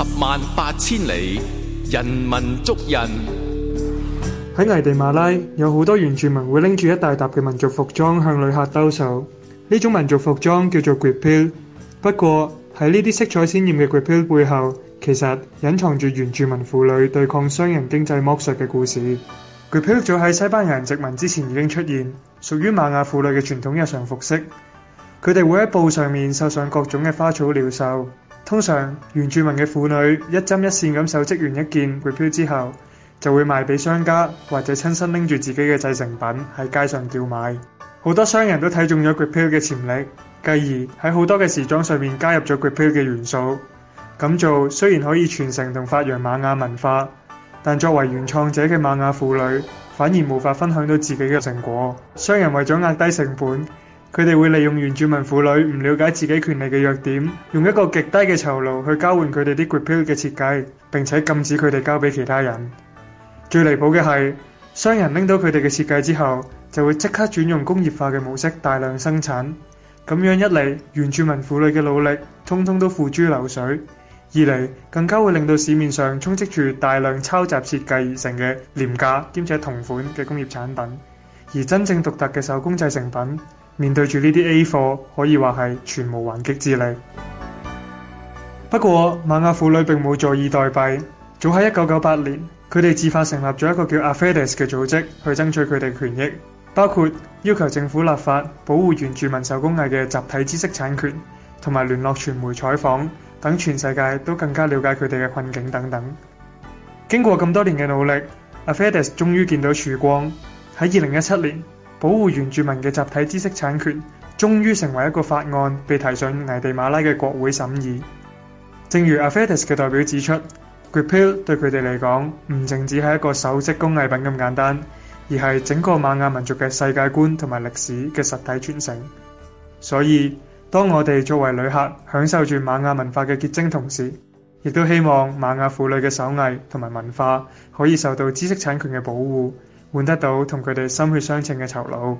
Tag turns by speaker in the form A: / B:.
A: 十萬八千里，人文足印喺危地馬拉有好多原住民會拎住一大沓嘅民族服裝向旅客兜售。呢種民族服裝叫做 Güipil。不過喺呢啲色彩鮮艷嘅 Güipil 背後，其實隱藏住原住民婦女對抗商人經濟剝削嘅故事。Güipil 早喺西班牙殖民之前已經出現，屬於瑪雅婦女嘅傳統日常服飾。佢哋會喺布上面繡上各種嘅花草鳥獸。通常原住民嘅婦女一針一線咁手織完一件 Güipil 之後，就會賣俾商家或者親身拎住自己嘅製成品喺街上叫賣。好多商人都睇中咗 Güipil 嘅潛力，繼而喺好多嘅時裝上面加入咗 Güipil 嘅元素。咁做雖然可以傳承同發揚瑪雅文化，但作為原創者嘅瑪雅婦女反而無法分享到自己嘅成果。商人為咗壓低成本。佢哋會利用原住民婦女唔了解自己權利嘅弱點，用一個極低嘅酬勞去交換佢哋啲 Güipil 嘅設計。並且禁止佢哋交俾其他人。最離譜嘅係商人拎到佢哋嘅設計之後，就會即刻轉用工業化嘅模式大量生產。咁樣一嚟，原住民婦女嘅努力通通都付諸流水；二嚟更加會令到市面上充斥住大量抄襲設計而成嘅廉價兼且同款嘅工業產品，而真正獨特嘅手工製成品。面對住呢啲 A 貨，可以話係全無還擊之力。不過，瑪雅婦女並冇坐以待斃，早喺一九九八年，佢哋自發成立咗一個叫阿 d 德 s 嘅組織，去爭取佢哋權益，包括要求政府立法保護原住民手工藝嘅集體知識產權，同埋聯絡傳媒採訪等，全世界都更加了解佢哋嘅困境等等。經過咁多年嘅努力，阿 d 德 s 終於見到曙光。喺二零一七年，保護原住民嘅集體知識產權，終於成為一個法案，被提上危地馬拉嘅國會審議。正如阿費特斯嘅代表指出，Güipil 對佢哋嚟講唔淨止係一個手織工藝品咁簡單，而係整個瑪雅民族嘅世界觀同埋歷史嘅實體傳承。所以，當我哋作為旅客享受住瑪雅文化嘅結晶同時，亦都希望瑪雅婦女嘅手藝同埋文化可以受到知識產權嘅保護。換得到同佢哋心血相稱嘅酬勞。